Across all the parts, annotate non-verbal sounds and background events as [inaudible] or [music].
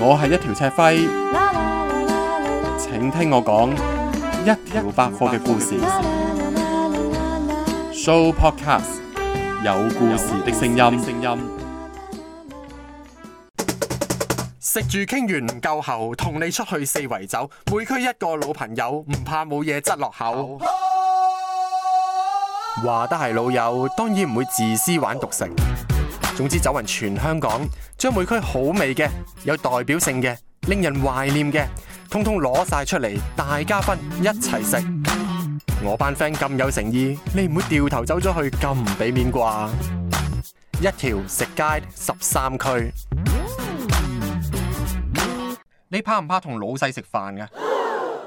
我係一條赤輝，請聽我講一條百貨嘅故事。故事 Show Podcast 有故事的聲音。食住傾完唔夠喉，同你出去四圍走，每區一個老朋友，唔怕冇嘢執落口。話得係老友，當然唔會自私玩獨食。總之走勻全香港，將每區好味嘅、有代表性嘅、令人懷念嘅，通通攞晒出嚟，大家分一齊食。我班 friend 咁有誠意，你唔會掉頭走咗去咁唔俾面啩？一條食街十三區，你怕唔怕同老細食飯呀？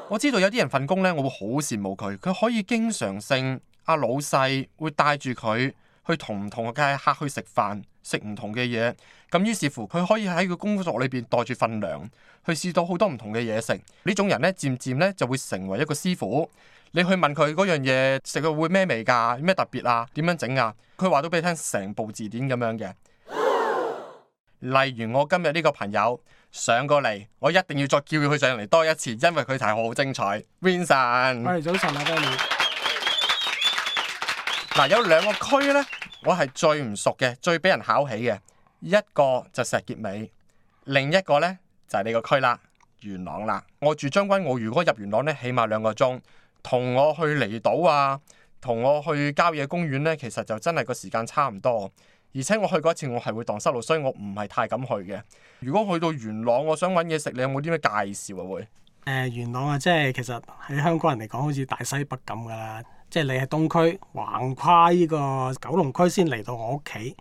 我知道有啲人份工呢，我會好羨慕佢，佢可以經常性阿老細會帶住佢。去同唔同嘅街客去食飯，食唔同嘅嘢，咁於是乎佢可以喺個工作裏邊袋住份糧，去試到好多唔同嘅嘢食。呢種人呢，漸漸呢就會成為一個師傅。你去問佢嗰樣嘢食到會咩味㗎，咩特別啊，點樣整啊？佢話都俾你聽成部字典咁樣嘅。 [laughs] 例如我今日呢個朋友上過嚟，我一定要再叫佢上嚟多一次，因為佢係好精彩。Vincent，喂，早晨啊，多謝你。嗱，有兩個區呢，我係最唔熟嘅，最俾人考起嘅。一個就石硤尾，另一個呢，就係、是、呢個區啦，元朗啦。我住將軍澳，如果入元朗呢，起碼兩個鐘。同我去離島啊，同我去郊野公園呢，其實就真係個時間差唔多。而且我去過一次，我係會蕩失路，所以我唔係太敢去嘅。如果去到元朗，我想揾嘢食，你有冇啲咩介紹啊？會、呃、元朗啊，即係其實喺香港人嚟講，好似大西北咁㗎啦。即係你喺東區橫跨呢個九龍區先嚟到我屋企，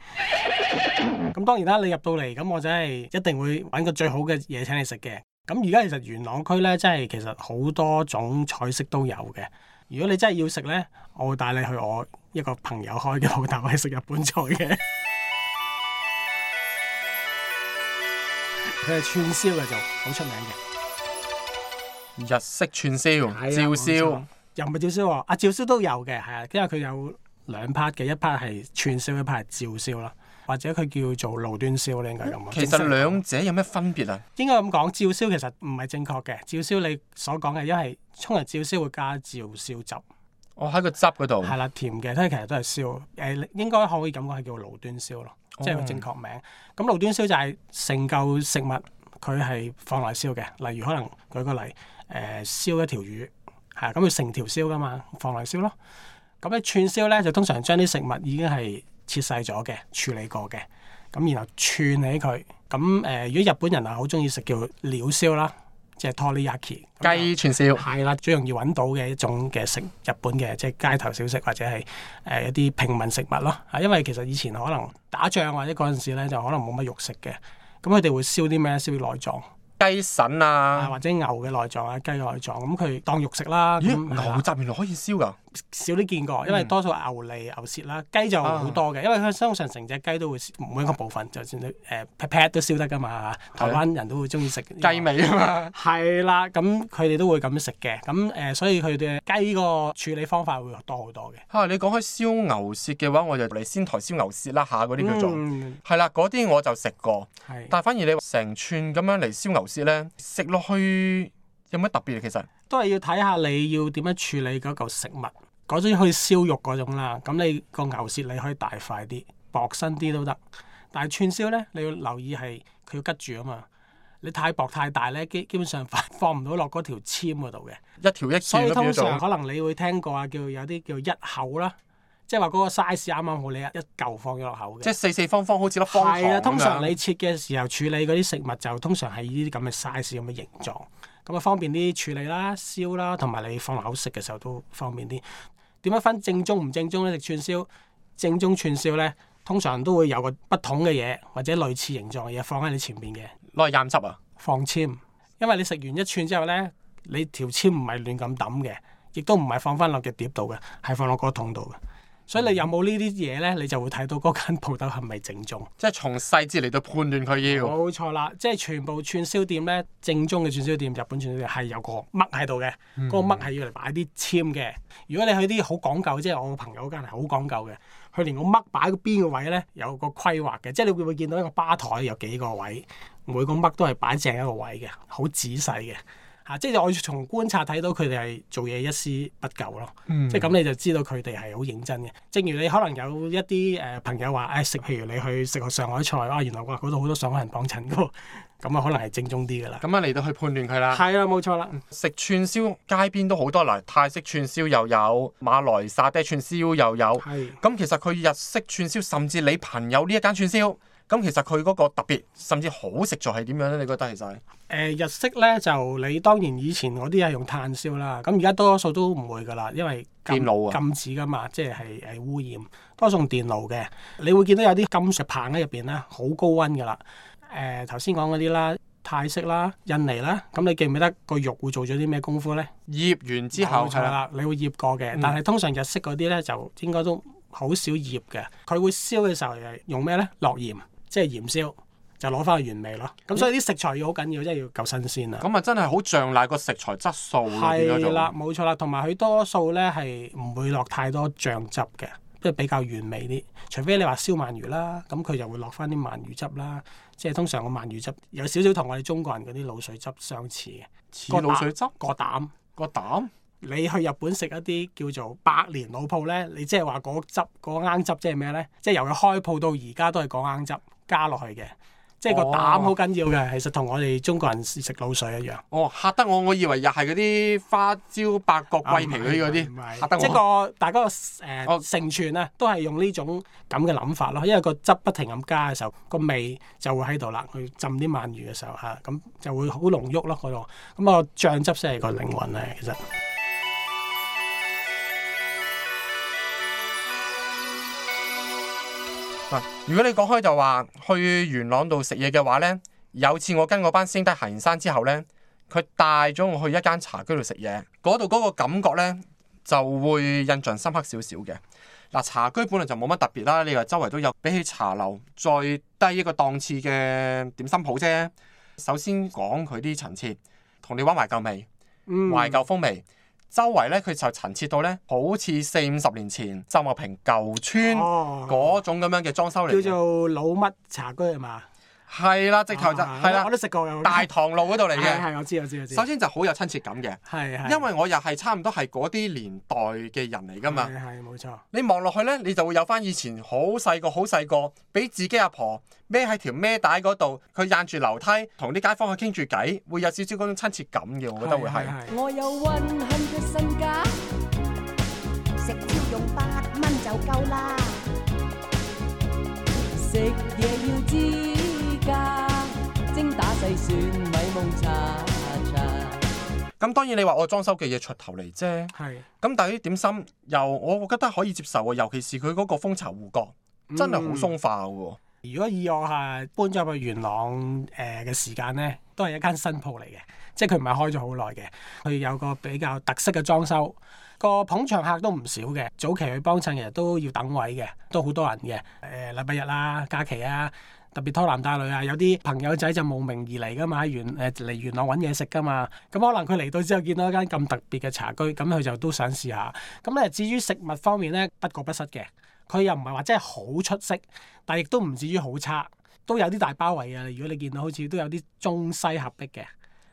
咁 [laughs] 當然啦，你入到嚟咁，我真係一定會揾個最好嘅嘢請你食嘅。咁而家其實元朗區呢，真係其實好多種菜式都有嘅。如果你真係要食呢，我會帶你去我一個朋友開嘅老豆係食日本菜嘅。佢 [laughs] 係串燒嘅就好出名嘅。日式串燒，照、哎、呀燒。又唔係照燒、啊，阿、啊、照燒都有嘅，係啊，因為佢有兩 part 嘅，一 part 係串燒，一 part 係照燒啦，或者佢叫做爐端燒呢？咁樣其實兩者有咩分別啊？應該咁講，照燒其實唔係正確嘅。照燒你所講嘅一係沖入照燒會加照燒汁，我喺、哦、個汁嗰度係啦，甜嘅，所以其實都係燒。誒、呃，應該可以咁講係叫爐端燒咯，哦、即係個正確名。咁、嗯、爐、嗯、端燒就係成嚿食物佢係放落去燒嘅，例如可能舉個例，誒、呃、燒一條魚。係咁，佢成、嗯、條燒㗎嘛，放嚟燒咯。咁、嗯、咧串燒咧就通常將啲食物已經係切細咗嘅，處理過嘅，咁、嗯、然後串起佢。咁、嗯、誒、呃，如果日本人啊好中意食叫鳥燒啦，即係 toriyaki、嗯、雞串燒，係、嗯、啦，最容易揾到嘅一種嘅食日本嘅即係街頭小食或者係誒、呃、一啲平民食物咯。啊、嗯，因為其實以前可能打仗或者嗰陣時咧就可能冇乜肉食嘅，咁佢哋會燒啲咩？燒啲內臟。雞腎啊，啊，或者牛嘅內臟啊，雞內臟咁，佢、嗯、當肉食啦。咦，嗯、牛雜原來可以燒噶？少啲見過，因為多數牛脷、嗯、牛舌啦，雞就好多嘅，啊、因為佢通常成隻雞都會每一個部分，就算你誒劈劈都燒得噶嘛。台灣人都會中意食雞味啊嘛。係啦的，咁佢哋都會咁食嘅，咁、嗯、誒，所以佢哋雞個處理方法會多好多嘅。吓、啊，你講開燒牛舌嘅話，我就嚟仙台燒牛舌啦，下嗰啲叫做係啦，嗰啲、嗯、我就食過。的但係反而你成串咁樣嚟燒牛。食咧，食落去有乜特別啊？其實有有，都係要睇下你要點樣處理嗰嚿食物。嗰種可以燒肉嗰種啦，咁你個牛舌你可以大塊啲，薄身啲都得。但係串燒咧，你要留意係佢要吉住啊嘛。你太薄太大咧，基基本上放唔到落嗰條籤嗰度嘅一條一串。所以通常可能你會聽過啊，叫有啲叫一口啦。即係話嗰個 size 啱啱好，你一一嚿放咗落口嘅。即係四四方方，好似粒方糖咁樣。係啦，通常你切嘅時候處理嗰啲食物就通常係呢啲咁嘅 size 咁嘅形狀，咁啊方便啲處理啦、燒啦，同埋你放落口食嘅時候都方便啲。點樣分正宗唔正宗呢？食串燒，正宗串燒呢，通常都會有個不同嘅嘢或者類似形狀嘅嘢放喺你前邊嘅攞嚟蘸汁啊，放籤。因為你食完一串之後呢，你條籤唔係亂咁抌嘅，亦都唔係放翻落個碟度嘅，係放落個桶度嘅。所以你有冇呢啲嘢咧，你就會睇到嗰間鋪頭係咪正宗？即係從細節嚟到判斷佢要。冇錯啦，即係全部串燒店咧，正宗嘅串燒店、日本串燒店係有個麥喺度嘅，嗰、嗯、個麥係要嚟擺啲簽嘅。如果你去啲好講究，即係我個朋友嗰間係好講究嘅，佢連個麥擺喺邊個位咧有個規劃嘅，即係你會唔會見到一個吧台有幾個位，每個麥都係擺正一個位嘅，好仔細嘅。嚇！即係我從觀察睇到佢哋係做嘢一絲不苟咯，嗯、即係咁你就知道佢哋係好認真嘅。正如你可能有一啲誒朋友話：誒、哎、食，譬如你去食個上海菜，啦、啊，原來哇嗰度好多上海人幫襯㗎，咁啊可能係正宗啲噶啦。咁啊嚟到去判斷佢啦。係啦，冇錯啦。食串燒街邊都好多喇，泰式串燒又有，馬來沙爹串燒又有。係的。咁其實佢日式串燒，甚至你朋友呢一間串燒。咁其實佢嗰個特別，甚至好食在係點樣咧？你覺得其實、就是？誒、呃、日式咧，就你當然以前嗰啲係用炭燒啦，咁而家多數都唔會噶啦，因為禁電爐禁止噶嘛，即係係污染，多數電爐嘅。你會見到有啲金屬棒喺入邊咧，好高溫噶啦。誒頭先講嗰啲啦，泰式啦、印尼啦，咁你記唔記得個肉會做咗啲咩功夫咧？醃完之後係啦，的你會醃過嘅，嗯、但係通常日式嗰啲咧，就應該都好少醃嘅。佢會燒嘅時候係用咩咧？落鹽。即係鹽燒，就攞翻個原味咯。咁所以啲食材要好緊要，即係要夠新鮮啊！咁啊，真係好像賴個食材質素。係啦，冇錯啦。同埋佢多數呢係唔會落太多醬汁嘅，即係比較原味啲。除非你話燒鰻魚啦，咁佢就會落翻啲鰻魚汁啦。即係通常個鰻魚汁有少少同我哋中國人嗰啲鹵水汁相似嘅。似鹵水汁？個膽？個膽？膽你去日本食一啲叫做百年老鋪呢，你即係話嗰汁嗰鵪鶉汁即係咩呢？即係由佢開鋪到而家都係講鵪汁。加落去嘅，即係個膽好緊要嘅，哦、其實同我哋中國人食滷水一樣。哦，嚇得我！我以為又係嗰啲花椒、八角、桂皮嗰啲，唔係啊、嚇得我！即、個大家誒成全啊，都係用呢種咁嘅諗法咯。因為個汁不停咁加嘅時候，個味就會喺度啦。去浸啲鰻魚嘅時候吓，咁、啊、就會好濃郁咯嗰度。咁啊，醬汁先係個靈魂啊，其實。嗯如果你講開就話去元朗度食嘢嘅話呢，有次我跟我班師弟行完山之後呢，佢帶咗我去一間茶居度食嘢，嗰度嗰個感覺呢就會印象深刻少少嘅。嗱，茶居本來就冇乜特別啦，你話周圍都有，比起茶樓再低一個檔次嘅點心鋪啫。首先講佢啲層次，同你玩懷舊味，懷舊風味。嗯周圍咧，佢就陳設到咧，好似四五十年前周茂平舊村嗰種咁樣嘅裝修嚟嘅，叫做老乜茶居係嘛？係啦，直頭就係啦，我都食過大棠路嗰度嚟嘅，係我知我知我知。首先就好有親切感嘅，係係，因為我又係差唔多係嗰啲年代嘅人嚟㗎嘛，係冇錯。你望落去咧，你就會有翻以前好細個好細個，俾自己阿婆孭喺條孭帶嗰度，佢行住樓梯，同啲街坊去傾住偈，會有少少嗰種親切感嘅，我覺得會係。精打細算，咁當然你話我裝修嘅嘢出頭嚟啫，係咁是但係啲點心又我覺得可以接受，尤其是佢嗰個蜂巢芋角、嗯、真係好鬆化喎。如果以我係搬咗入去元朗誒嘅，呃、時間咧，都係一間新鋪嚟嘅，即係佢唔係開咗好耐嘅，佢有個比較特色嘅裝修，個捧場客都唔少嘅，早期去幫襯其實都要等位嘅，都好多人嘅，誒、呃、禮拜日啦，啊、假期啊。特別拖男帶女啊，有啲朋友仔就慕名而嚟噶嘛，元誒嚟元朗揾嘢食噶嘛，咁、嗯、可能佢嚟到之後見到一間咁特別嘅茶居，咁、嗯、佢就都想試下。咁、嗯、咧至於食物方面咧，不過不失嘅，佢又唔係話真係好出色，但亦都唔至於好差，都有啲大包圍啊！如果你見到好似都有啲中西合璧嘅，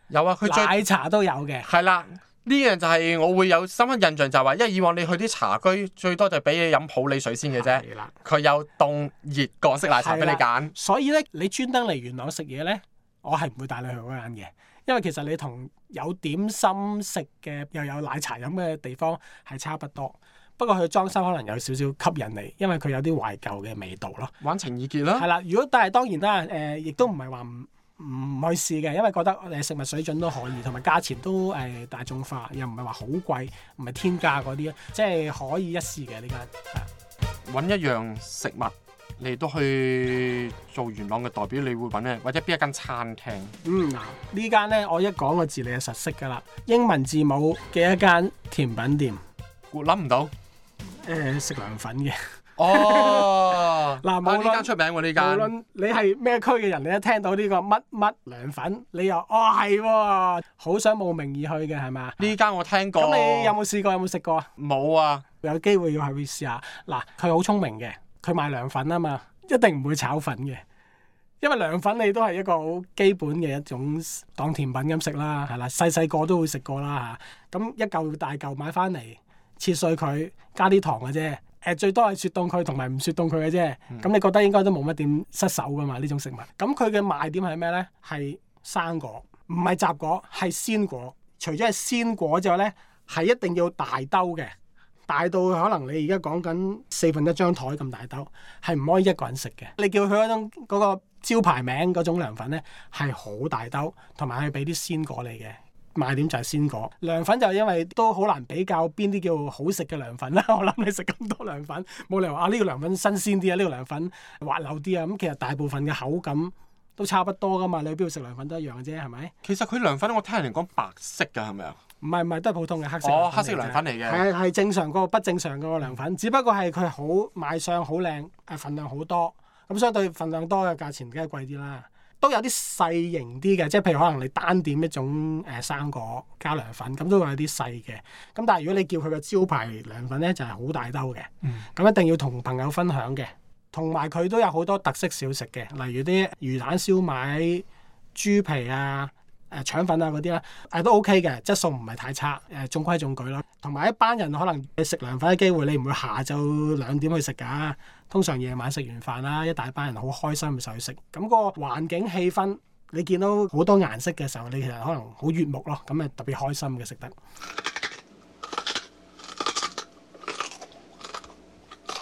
有啊，佢奶茶都有嘅，係啦。呢樣就係我會有深刻印象就係話，因為以往你去啲茶居最多就係俾你飲普洱水先嘅啫。佢了有凍熱港式奶茶俾你揀。所以咧，你專登嚟元朗食嘢咧，我係唔會帶你去嗰間嘅，因為其實你同有點心食嘅又有奶茶飲嘅地方係差不多。不過佢裝修可能有少少吸引你，因為佢有啲懷舊嘅味道咯。玩情意結咯。係啦，如果但係當然都係亦都唔係話唔。呃唔去試嘅，因為覺得誒食物水準都可以，同埋價錢都誒、呃、大眾化，又唔係話好貴，唔係天價嗰啲啊，即係可以一試嘅呢間。揾、啊、一樣食物你都去做元朗嘅代表，你會揾咩？或者邊一間餐廳？嗯，呢間咧，我一講個字你就實識噶啦，英文字母嘅一間甜品店。我諗唔到，誒、呃、食涼粉嘅。哦！嗱 [laughs] 論，冇呢間出名喎。呢間無論你係咩區嘅人，你一聽到呢、這個乜乜涼粉，你又哦係喎，好、啊、想慕名而去嘅係咪？呢間、啊、我聽過。咁你有冇試過？有冇食過啊？冇啊！有機會要去試下。嗱、啊，佢好聰明嘅，佢賣涼粉啊嘛，一定唔會炒粉嘅，因為涼粉你都係一個好基本嘅一種當甜品咁食啦，係、啊、啦，細細個都會食過啦嚇。咁一嚿大嚿買翻嚟，切碎佢，加啲糖嘅、啊、啫。誒最多係雪凍佢同埋唔雪凍佢嘅啫，咁、嗯、你覺得應該都冇乜點失手噶嘛？呢種食物，咁佢嘅賣點係咩呢？係生果，唔係雜果，係鮮果。除咗係鮮果之外呢，係一定要大兜嘅，大到可能你而家講緊四分一張台咁大兜，係唔可以一個人食嘅。你叫佢嗰種、嗰個、招牌名嗰種涼粉呢，係好大兜，同埋係俾啲鮮果你嘅。賣點就係鮮果，涼粉就因為都好難比較邊啲叫好食嘅涼粉啦。我諗你食咁多涼粉，冇 [laughs] 理由啊呢、這個涼粉新鮮啲啊，呢、這個涼粉滑溜啲啊。咁、嗯、其實大部分嘅口感都差不多㗎嘛，你去邊度食涼粉都一樣啫，係咪？其實佢涼粉，我聽人哋講白色㗎，係咪啊？唔係唔係，都係普通嘅黑色涼、哦。黑色涼粉嚟嘅。係係正常個不正常個涼粉，只不過係佢好賣相好靚，誒份、啊、量好多。咁相對份量多嘅價錢，梗係貴啲啦。都有啲細型啲嘅，即係譬如可能你單點一種誒、呃、生果加涼粉，咁都會有啲細嘅。咁但係如果你叫佢嘅招牌涼粉呢，就係、是、好大兜嘅。咁、嗯、一定要同朋友分享嘅。同埋佢都有好多特色小食嘅，例如啲魚蛋燒賣、豬皮啊。誒、啊、腸粉啊嗰啲咧，誒、啊、都 OK 嘅，質素唔係太差，誒、啊、中規中矩咯。同埋一班人可能你食涼粉嘅機會，你唔會下晝兩點去食㗎。通常夜晚食完飯啦，一大班人好開心嘅時候去食，咁、個環境氣氛，你見到好多顏色嘅時候，你其實可能好悅目咯。咁誒特別開心嘅食得。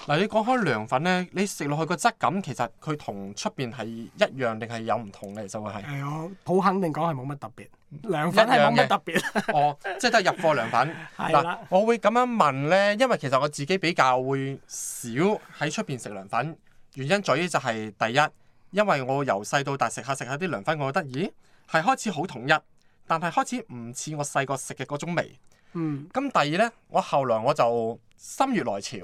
嗱，你講開涼粉咧，你食落去個質感其實佢同出邊係一樣定係有唔同咧？其實會係。係、哎、我好肯定講係冇乜特別，涼粉係冇乜特別。哦， [laughs] 即係都係入貨涼粉。係的我會咁樣問咧，因為其實我自己比較會少喺出邊食涼粉。原因在於就係第一，因為我由細到大食下食下啲涼粉，我覺得咦係開始好統一，但係開始唔似我細個食嘅嗰種味。嗯。咁第二咧，我後來我就心血來潮。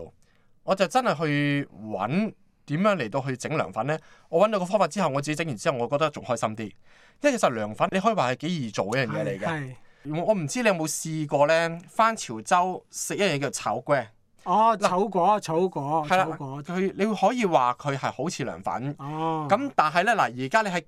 我就真係去揾點樣嚟到去整涼粉呢。我揾到個方法之後，我自己整完之後，我覺得仲開心啲。因為其實涼粉你可以話係幾易做一樣嘢嚟嘅。係。係。我唔知你有冇試過呢？翻潮州食一樣嘢叫炒粿。哦，炒粿，炒粿，炒粿。佢，你可以話佢係好似涼粉。哦。咁但係呢，嗱而家你喺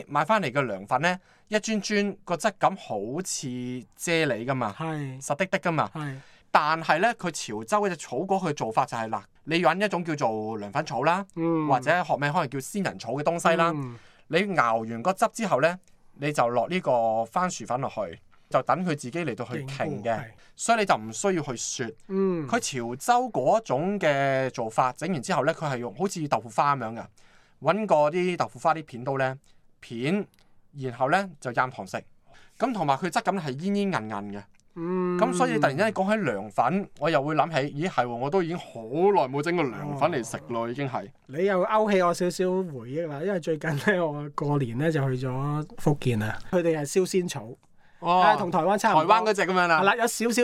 街買翻嚟嘅涼粉呢，一樽樽個質感好似啫喱㗎嘛，實滴滴㗎嘛。係。但係咧，佢潮州嗰隻草果佢做法就係、是、啦，你揾一種叫做涼粉草啦，嗯、或者學名可能叫仙人草嘅東西啦。嗯、你熬完個汁之後咧，你就落呢個番薯粉落去，就等佢自己嚟到去擎嘅，所以你就唔需要去雪。佢、嗯、潮州嗰種嘅做法整完之後咧，佢係用好似豆腐花咁樣嘅，揾過啲豆腐花啲片刀咧片，然後咧就釀糖食。咁同埋佢質感係煙煙韌韌嘅。嗯，咁所以突然之間講起涼粉，我又會諗起，咦係喎，我都已經好耐冇整過涼粉嚟食咯，已經係。你又勾起我少少回憶啦，因為最近咧，我過年咧就去咗福建、哦、啊，佢哋係燒仙草，哦，同台灣差唔多，台灣嗰隻咁樣啦，係啦，有少少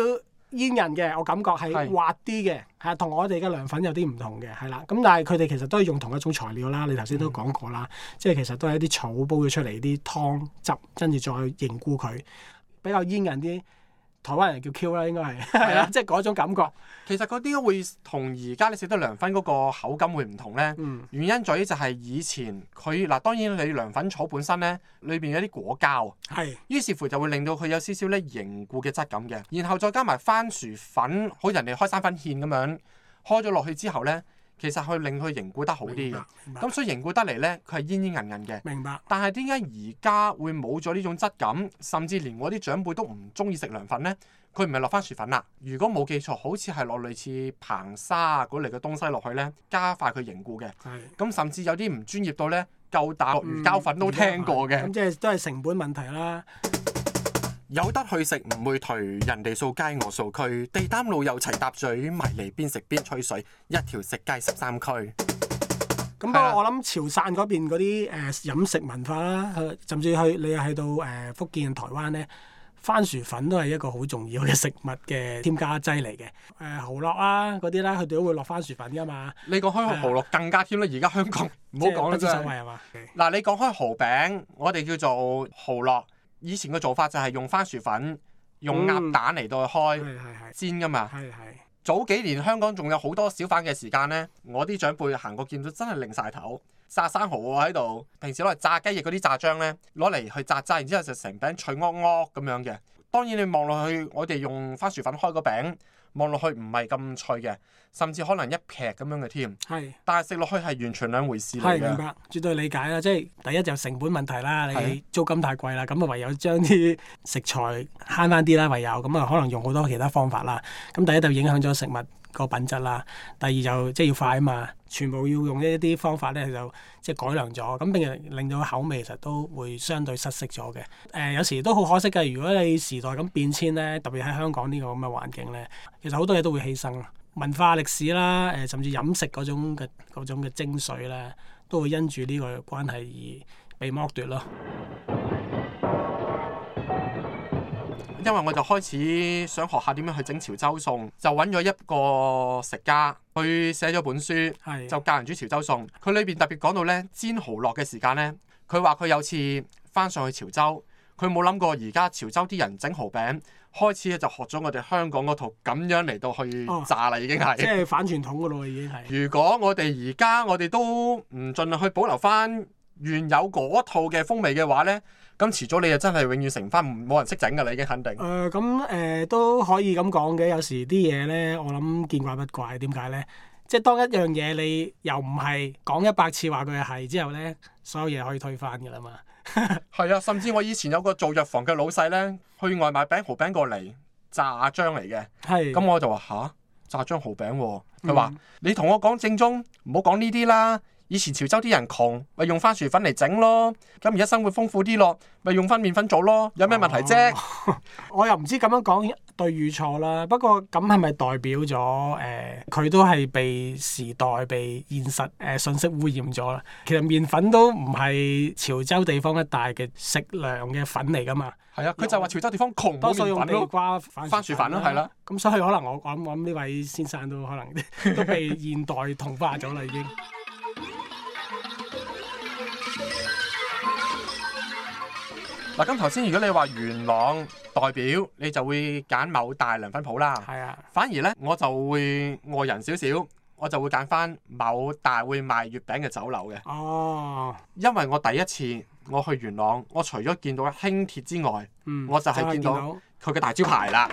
煙韌嘅，我感覺係滑啲嘅，係啊是，同我哋嘅涼粉有啲唔同嘅，係啦，咁但係佢哋其實都係用同一種材料啦，你頭先都講過啦，嗯、即係其實都係啲草煲咗出嚟啲湯汁，跟住再凝固佢，比較煙韌啲。台灣人叫 Q 啦，應該係係啦，啊、 [laughs] 即係嗰種感覺。其實嗰啲會同而家你食得涼粉嗰個口感會唔同咧？嗯，原因在於就係以前佢嗱，當然你涼粉草本身咧，裏邊有啲果膠。係是。於是乎就會令到佢有少少咧凝固嘅質感嘅，然後再加埋番薯粉，好似人哋開三分芡咁樣開咗落去之後咧。其實去令佢凝固得好啲嘅，咁所以凝固得嚟呢，佢係煙煙韌韌嘅。明白。但係點解而家會冇咗呢種質感，甚至連我啲長輩都唔中意食涼粉呢？佢唔係落番薯粉啦，如果冇記錯，好似係落類似硼砂嗰類嘅東西落去呢，加快佢凝固嘅。係是。咁甚至有啲唔專業到呢，夠膽落魚膠粉、嗯、都聽過嘅。咁即係都係成本問題啦。有得去食唔會退，人哋掃街我掃區，地攤路又齊搭嘴，埋嚟邊食邊吹水，一條食街十三區。咁不過我諗潮汕嗰邊嗰啲誒飲食文化啦，甚至去你又去到誒、呃、福建台灣咧，番薯粉都係一個好重要嘅食物嘅添加劑嚟嘅。誒蚝烙啊嗰啲咧，佢哋都會落番薯粉噶嘛。你講開蚝烙更加添啦，而家、啊、香港唔好講啦，即係所謂嘛。嗱、okay.，你講開蚝餅，我哋叫做蚝烙。以前嘅做法就係用番薯粉、用鴨蛋嚟到去開，嗯、煎㗎嘛。係係係，係係。早幾年香港仲有好多小販嘅時間呢，我啲長輩行過見到真係擰晒頭，炸生蠔喺度。平時攞嚟炸雞翼嗰啲炸漿呢，攞嚟去炸炸，然之後就成餅脆鵝鵝咁樣嘅。當然你望落去，我哋用番薯粉開個餅，望落去唔係咁脆嘅，甚至可能一劈咁樣嘅添。係的，但係食落去係完全兩回事嚟嘅。明白，絕對理解啦，即係第一就成本問題啦，你租金太貴啦，咁啊的唯有將啲食材慳翻啲啦，唯有咁啊可能用好多其他方法啦。咁第一就影響咗食物。個品質啦，第二就即係要快啊嘛，全部要用呢一啲方法咧就即係改良咗，咁並令到口味其實都會相對失色咗嘅。誒、呃、有時都好可惜嘅㗎，如果你時代咁變遷咧，特別喺香港呢個咁嘅環境咧，其實好多嘢都會犧牲文化歷史啦，誒、呃、甚至飲食嗰種嘅嗰種嘅精髓咧，都會因住呢個關係而被剝奪咯。因為我就開始想學下點樣去整潮州餸，就揾咗一個食家去寫咗本書，就教人煮潮州餸。佢裏邊特別講到咧，煎蠔烙嘅時間呢，佢話佢有次翻上去潮州，佢冇諗過而家潮州啲人整蠔餅，開始就學咗我哋香港嗰套咁樣嚟到去炸啦，已經係即係反傳統㗎喇已經係。如果我哋而家我哋都唔盡量去保留翻原有嗰套嘅風味嘅話呢。咁遲早你就真係永遠成翻唔冇人識整㗎啦，已經肯定。誒咁誒都可以咁講嘅，有時啲嘢咧，我諗見怪不怪。點解咧？即係當一樣嘢你又唔係講一百次話佢係之後咧，所有嘢可以推翻㗎啦嘛。係 [laughs] 啊，甚至我以前有個做藥房嘅老細咧，去外賣餅蠔餅過嚟炸漿嚟嘅。係。咁我就話吓，炸漿蠔是餅喎，啊，佢話、嗯、你同我講正宗，唔好講呢啲啦。以前潮州啲人窮，咪用番薯粉嚟整咯。咁而家生活豐富啲咯，咪用翻麵粉做咯。有咩問題啫？ [laughs] 我又唔知咁樣講對與錯啦。不過咁係咪代表咗誒，佢、呃、都係被時代、被現實誒信、呃、息污染咗啦？其實麵粉都唔係、啊、潮州地方一帶嘅食糧嘅粉嚟噶嘛。係啊，佢就話潮州地方窮，多數用番薯粉咯、啊。係啦，咁所以可能我我諗呢位先生都可能都被現代同化咗啦，已經。嗱，咁頭先如果你話元朗代表，你就會揀某大良分鋪啦。係啊、反而呢，我就會愛人少少，我就會揀翻某大會賣月餅嘅酒樓嘅。哦，因為我第一次我去元朗，我除咗見到輕鐵之外，嗯、我就係見到佢嘅大招牌啦。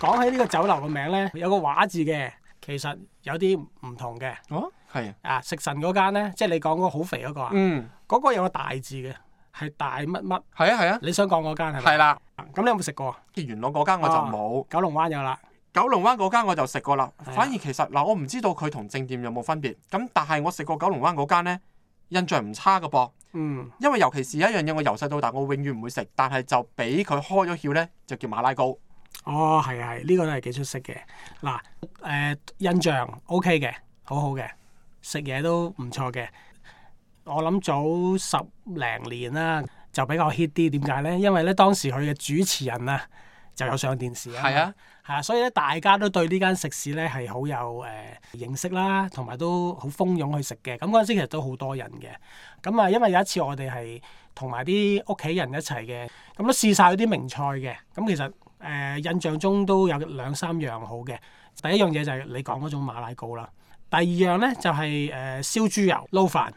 講起呢個酒樓嘅名呢，有個畫字嘅，其實有啲唔同嘅。哦。係啊！食神嗰間咧，即係你講嗰個好肥嗰個、嗯、啊！嗯，嗰個有個大字嘅，係大乜乜？係啊係啊！你想講嗰間係咪？係啦。咁你有冇食過？元朗嗰間我就冇。九龍灣有啦。九龍灣嗰間我就食過啦。啊、反而其實嗱，我唔知道佢同正店有冇分別。咁但係我食過九龍灣嗰間咧，印象唔差㗎噃。嗯。因為尤其是一樣嘢，我由細到大我永遠唔會食，但係就俾佢開咗竅咧，就叫馬拉糕。哦，係啊係，呢個都係幾出色嘅。嗱，誒印象 OK 嘅，好好嘅。食嘢都唔錯嘅，我諗早十零年啦，就比較 hit 啲。點解呢？因為呢，當時佢嘅主持人啊就有上電視啊，係啊，所以呢，大家都對呢間食肆呢係好有誒認識啦，同埋都好蜂擁去食嘅。咁嗰陣時其實都好多人嘅。咁啊，因為有一次我哋係同埋啲屋企人一齊嘅，咁都試晒嗰啲名菜嘅。咁其實誒、呃、印象中都有兩三樣好嘅。第一樣嘢就係你講嗰種馬拉糕啦。第二樣呢，就係、是、誒、呃、燒豬油撈飯，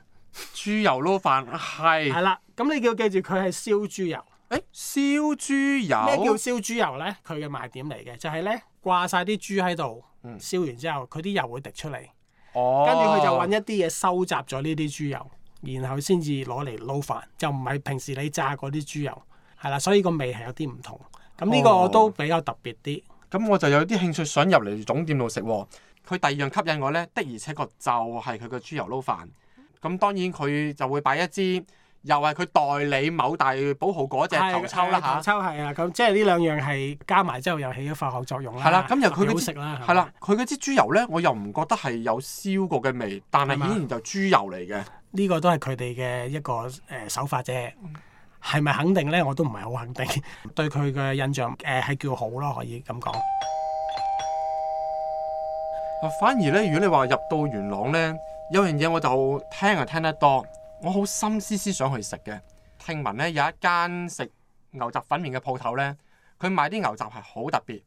豬 [laughs] 油撈飯係係啦，咁你要記住佢係燒豬油。誒、欸、燒豬油咩叫燒豬油呢？佢嘅賣點嚟嘅就係、是、呢，掛晒啲豬喺度，嗯、燒完之後佢啲油會滴出嚟。跟住佢就揾一啲嘢收集咗呢啲豬油，然後先至攞嚟撈飯。就唔係平時你炸嗰啲豬油係啦，所以個味係有啲唔同。咁呢個我都比較特別啲。咁、哦、我就有啲興趣想入嚟總店度食喎。佢第二樣吸引我呢，的而且確就係佢個豬油撈飯。咁當然佢就會擺一支，又係佢代理某大寶號嗰隻頭抽啦嚇。下頭抽係啊，咁即係呢兩樣係加埋之後又起咗化學作用啦。係啦，咁又佢好食啦。係啦，佢嗰支豬油呢，我又唔覺得係有燒過嘅味，但係依然就豬油嚟嘅。呢個都係佢哋嘅一個誒手法啫。係咪肯定呢？我都唔係好肯定。 [laughs] 對佢嘅印象誒係、呃、叫好咯，可以咁講。反而咧，如果你話入到元朗咧，有樣嘢我就聽啊聽得多，我好心思思想去食嘅。聽聞咧有一間食牛雜粉麵嘅鋪頭咧，佢賣啲牛雜係好特別，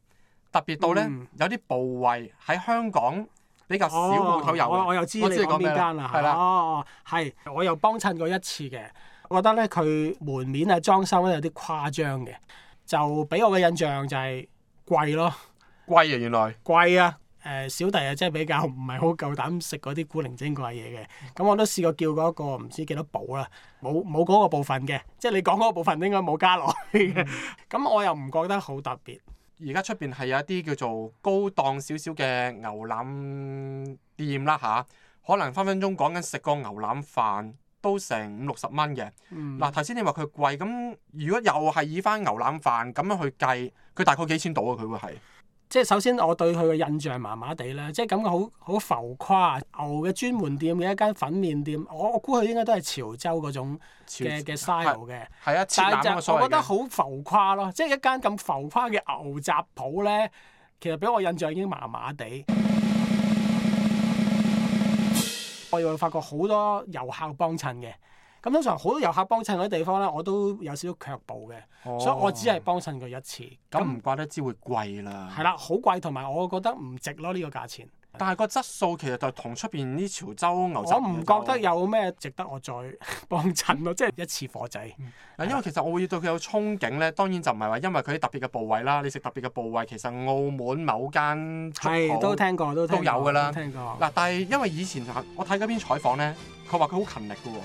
特別到咧有啲部位喺香港比較少。我我又知你講邊間啦，哦，係，我又幫襯過一次嘅，我覺得咧佢門面啊裝修咧有啲誇張嘅，就俾我嘅印象就係貴咯。貴啊，原來貴啊。誒、呃、小弟又真係比較唔係好夠膽食嗰啲古靈精怪嘢嘅，咁我都試過叫過一個唔知幾多寶啦，冇冇嗰個部分嘅，即係你講嗰個部分應該冇加落去嘅，咁、嗯、 [laughs] 我又唔覺得好特別。而家出邊係有一啲叫做高檔少少嘅牛腩店啦嚇、啊，可能分分鐘講緊食個牛腩飯都成五六十蚊嘅。嗱頭先你話佢貴，咁如果又係以翻牛腩飯咁樣去計，佢大概幾錢度啊？佢會係？即係首先，我對佢嘅印象麻麻地啦，即係感覺好好浮誇啊！牛嘅專門店嘅一間粉麵店，我我估佢應該都係潮州嗰種嘅嘅 style 嘅。但係就我覺得好浮誇咯，嗯、即係一間咁浮誇嘅牛雜鋪咧，其實俾我印象已經麻麻地。 [laughs] 我以為發覺好多遊客幫襯嘅。咁通常好多遊客幫襯嗰啲地方咧，我都有少少卻步嘅，哦、所以我只係幫襯佢一次。咁唔、嗯、那怪得之會貴啦。係啦，好貴，同埋我覺得唔值咯呢個價錢。但係個質素其實就同出邊啲潮州牛雜。我唔覺得有咩值得我再幫襯咯，即係、嗯、一次火仔。嗱、嗯，的因為其實我會對佢有憧憬咧，當然就唔係話因為佢啲特別嘅部位啦。你食特別嘅部位，其實澳門某間。係，都聽過，都都有㗎啦。聽過。嗱，但係因為以前我睇嗰邊採訪咧，佢話佢好勤力㗎喎，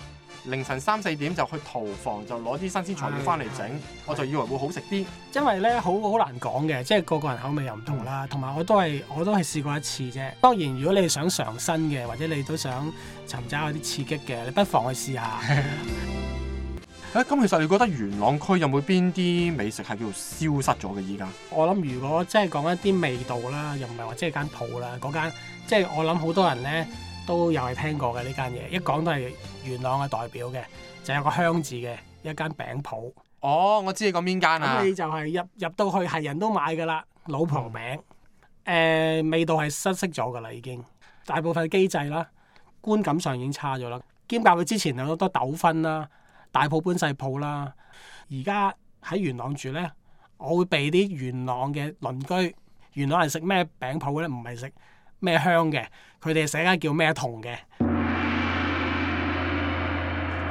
凌晨三四點就去屠房就攞啲新鮮材料翻嚟整，的我就以為會好食啲。因為呢，好好難講嘅，即係個個人口味又唔同啦。同埋我都係我都係試過一次啫。當然如果你想嘗新嘅，或者你都想尋找一啲刺激嘅，你不妨去試下。咁 [laughs] 其實你覺得元朗區有冇邊啲美食係叫做消失咗嘅依家？就是、我諗如果即係講一啲味道啦，又唔係話即係間鋪啦，嗰間即係我諗好多人呢。都又係聽過嘅呢間嘢，一講都係元朗嘅代表嘅，就係、有個香字嘅一間餅鋪。哦，我知你講邊間啦。咁你就係入入到去係人都買嘅啦，老婆餅。誒、嗯呃，味道係失色咗㗎啦，已經。大部分機制啦，觀感上已經差咗啦。兼夾佢之前有好多糾紛啦，大鋪搬細鋪啦。而家喺元朗住咧，我會避啲元朗嘅鄰居。元朗係食咩餅鋪咧？唔係食咩香嘅。佢哋寫間叫咩同嘅？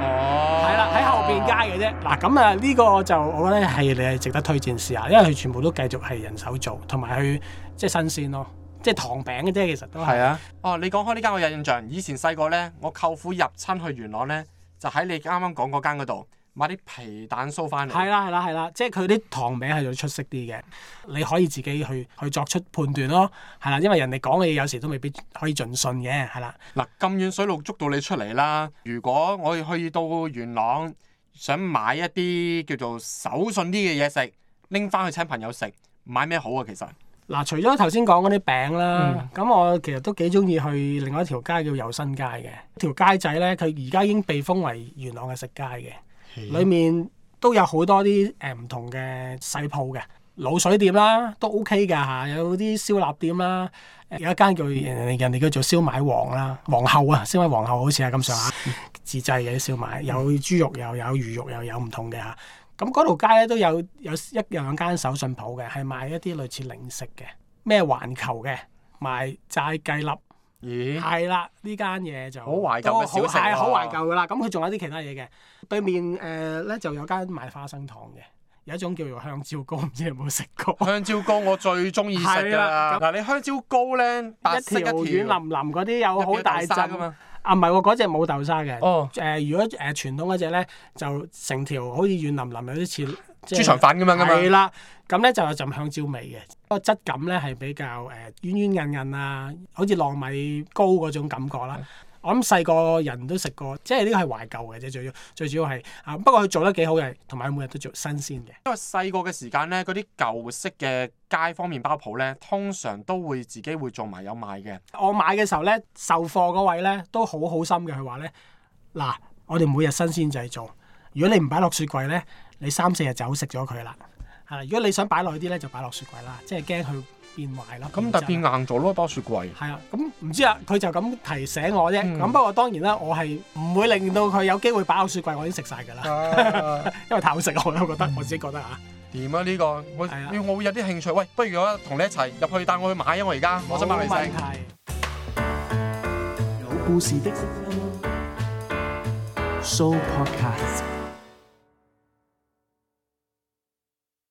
哦，係啦，喺後邊街嘅啫。嗱，咁啊呢個我就我覺得係你係值得推薦試下，因為佢全部都繼續係人手做，同埋佢即係新鮮咯，即係糖餅嘅啫，其實都係啊。哦，你講開呢間我有印象，以前細個咧，我舅父入親去元朗咧，就喺你啱啱講嗰間嗰度。買啲皮蛋酥翻嚟，係啦，係啦，係啦，即係佢啲糖味係要出色啲嘅。你可以自己去去作出判斷咯，係啦，因為人哋講嘅嘢有時都未必可以盡信嘅，係啦。嗱，咁遠水路捉到你出嚟啦。如果我要去到元朗，想買一啲叫做手信啲嘅嘢食，拎翻去請朋友食，買咩好啊？其實嗱，除咗頭先講嗰啲餅啦，咁、嗯、我其實都幾中意去另外一條街叫又新街嘅條街仔咧。佢而家已經被封為元朗嘅食街嘅。裏面都有好多啲誒唔同嘅細鋪嘅鹵水店啦，都 OK 嘅嚇，有啲燒臘店啦，有一間叫、嗯、人哋叫做燒賣王啦、皇后啊，燒賣皇后好似係咁上下自製嘅燒賣，嗯、有豬肉又有，有魚肉又有唔同嘅嚇。咁嗰條街咧都有有一有兩間手信鋪嘅，係賣一啲類似零食嘅，咩環球嘅賣齋雞粒。係啦，呢間嘢就好懷舊嘅小食，係好、啊、懷舊噶啦。咁佢仲有啲其他嘢嘅。對面誒咧、呃，就有間賣花生糖嘅，有一種叫做香蕉糕，唔知你有冇食過？香蕉糕我最中意食噶啦。嗱，你香蕉糕咧，一條，一條軟淋淋嗰啲有好大有豆沙噶嘛？啊，唔係喎，嗰隻冇豆沙嘅。哦。誒、呃，如果誒、呃、傳統嗰隻咧，就成條好似軟淋淋，有啲似。豬腸粉咁樣噶嘛？係啦，咁咧就有陣香蕉味嘅，嗰個質感咧係比較誒軟軟韌韌啊，好似糯米糕嗰種感覺啦。嗯、我諗細個人都食過，即係呢個係懷舊嘅啫，最主要最主要係啊，不過佢做得幾好嘅，同埋每日都做新鮮嘅。因為細個嘅時間咧，嗰啲舊式嘅街坊麵包鋪咧，通常都會自己會做埋有賣嘅。我買嘅時候咧，售貨嗰位咧都好好心嘅，佢話咧嗱，我哋每日新鮮製做。如果你唔擺落雪櫃咧。你三四日就食咗佢啦，係啦。如果你想擺落去啲咧，就擺落雪櫃啦，即係驚佢變壞咯。咁變，變硬咗咯，包雪櫃。係啊，咁、嗯、唔知啊，佢就咁提醒我啫。咁、嗯、不過當然啦，我係唔會令到佢有機會擺落雪櫃，我已經食晒㗎啦，啊、 [laughs] 因為太好食我都覺得、嗯、我自己覺得啊，點、這、啊、個？呢個我的我會有啲興趣。喂，不如我同你一齊入去帶我去買啊！因為我而家我想買嚟食。有故事的。